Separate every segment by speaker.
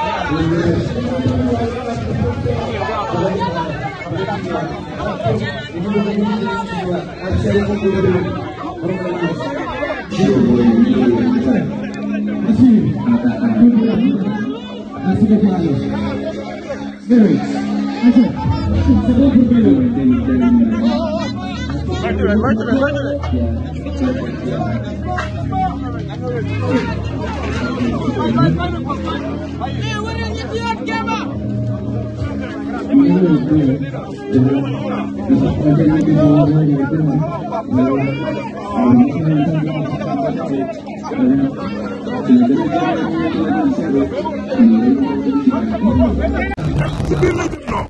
Speaker 1: Así que Mercury, Mercury, Mercury. ci biir lañ non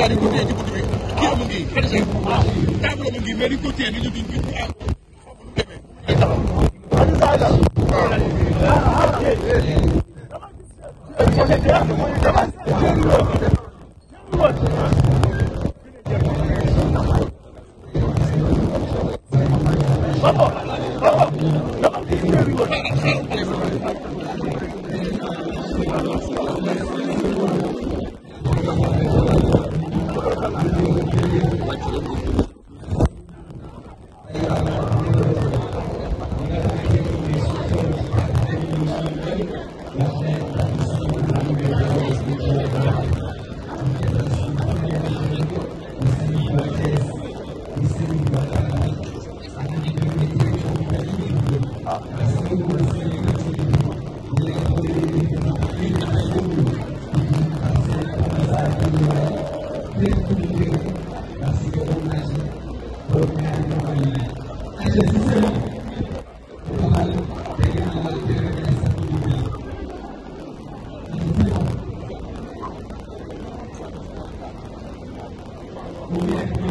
Speaker 1: daal di ko téye ci bunt bi kii amu ngi xarit table amu ngi mais di ko téye ni ñu duñ duñ ah xamul demee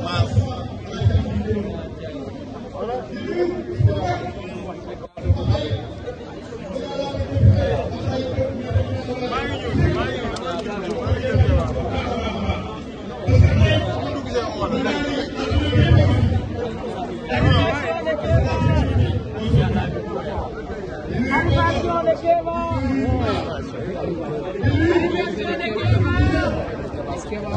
Speaker 1: Maaf.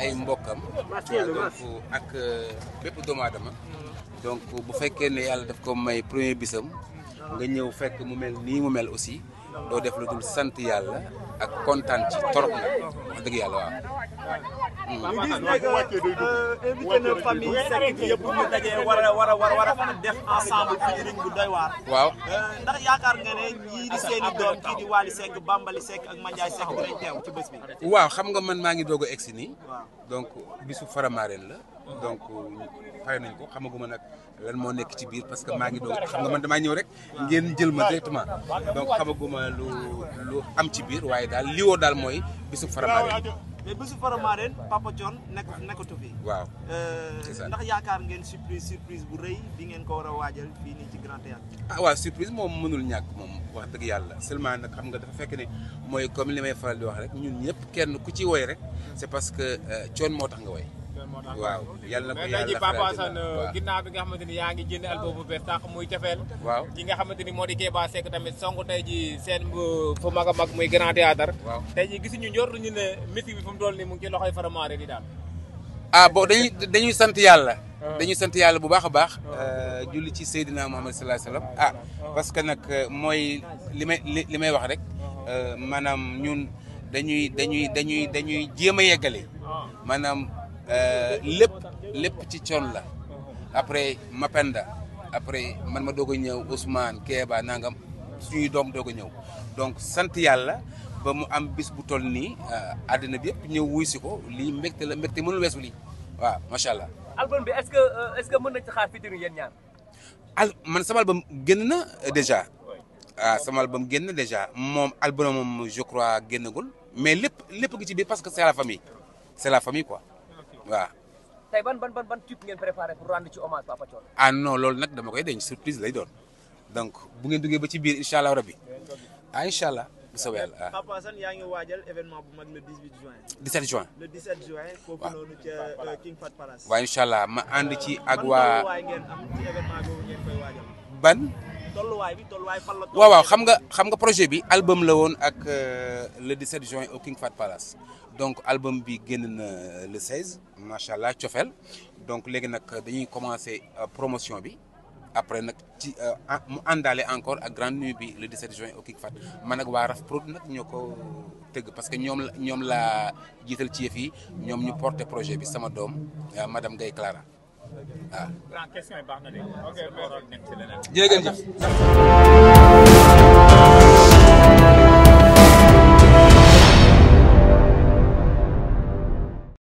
Speaker 1: ay mbokkam donc ak euh, bépp donc bu fekkee ne yàlla daf ko may premier bisam nga ñëw fekk mu mel nii mu mel aussi doo def lu dul sant yàlla ak kontaan ci torop nag dëgg yàlla waaw gis ne euh, invité na famille Seck yëpp waaw euh, ci bés waaw xam nga man maa ngi doog a egsi nii. donc bisu Faramareen la. donc fay nañ ko xamaguma nag lan moo nekk ci biir parce que maa ngi doog xam nga man damaa ñëw rek ngeen jël ma directement donc xamaguma lu lu am ci biir waaye daal li daal mooy bisu Faramareen. mais bésu Faramareen Papa Thione nekk nekkatu fi. waaw euh, ndax yaakaar ngeen surprise surprise bu rëy bi ngeen ko war a waajal fii nii ci Grand Théâtre. ah waaw surprise moom mënul ñàkk moom wax dëgg yàlla seulement nag xam nga dafa fekk ne mooy comme li may faral di wax rek ñun ñëpp kenn ku ci woy rek. c'est parce que Thione euh, moo tax nga woy. waaw yàlla na ko yàlla mais Papa Assane ginnaaw bi nga xamante ni yaa ngi génn album bees tax muy cofeel waaw ñi nga xamante moo di Keba Seck tamit song tey ji seen fu mag a mag muy grand théâtre waaw tey ji gisuñu njortuñu ne musique bi fu mu dool ni mu ngi ci loxoy Faramaré di daal ah bon dañuy sant yàlla ah. dañuy sant yàlla bu baax a baax ah. euh, julli ci Seydina Muhammad sallallahu alayhi wasallam ah parce que nag euh, mooy li may li may wax rek euh, maanaam ñun dañuy dañuy dañuy dañuy jéem a yeggale ah. Euh, lépp lépp ci coon la après Mapenda après man ma doog a ñëw Ousmane Kéba nangam suñuy doom doog a ñëw donc sant yàlla ba mu am bis bu tol nii euh, àddina bi yëpp ñëw wuy si ko lii mbégte la mbégte mënul weesu lii waaw macha allah. album bi est-ce que euh, est-ce que mën nañ ci xaar featuring al man sama album génn na déjà. waaw ah, sama album génn moom album moom je crois génnagul mais lépp lépp gi ci biir parce que c'est la famille c'est la famille quoi. waaw. tey ban ban ban type ngeen préparé pour rendre ci hommage Papa Thione. lool ah non loolu nag dama koy denc surprise lay doon donc bu ngeen duggee ba ci biir incha allah rabi ah incha allah. bu soobee yàlla ah yaa ngi waajal événement bu mag le 18 juin. 17 juin le 17 juin. waaw foofu noonu ca euh, King Fat allah ma ànd ci euh, ak waa ban ngeen am ci événement waaw waaw xam nga xam nga projet bi album la woon ak euh, le 17 juin o King Fat Palace donc album bi génn na le 16 macha allah cofeel donc léegi nag dañuy commencé promotion bi après nag ci mu àndaale encore ak grande nuit bi le 17 juin au Fat man nag waa Raf Prod nag ñoo ko tëgg parce que ñoom la ñoom laa jiital ci yëf yi ñoom ñu porter projet bi sama doom madame Gaye Clara waaw. question yi baax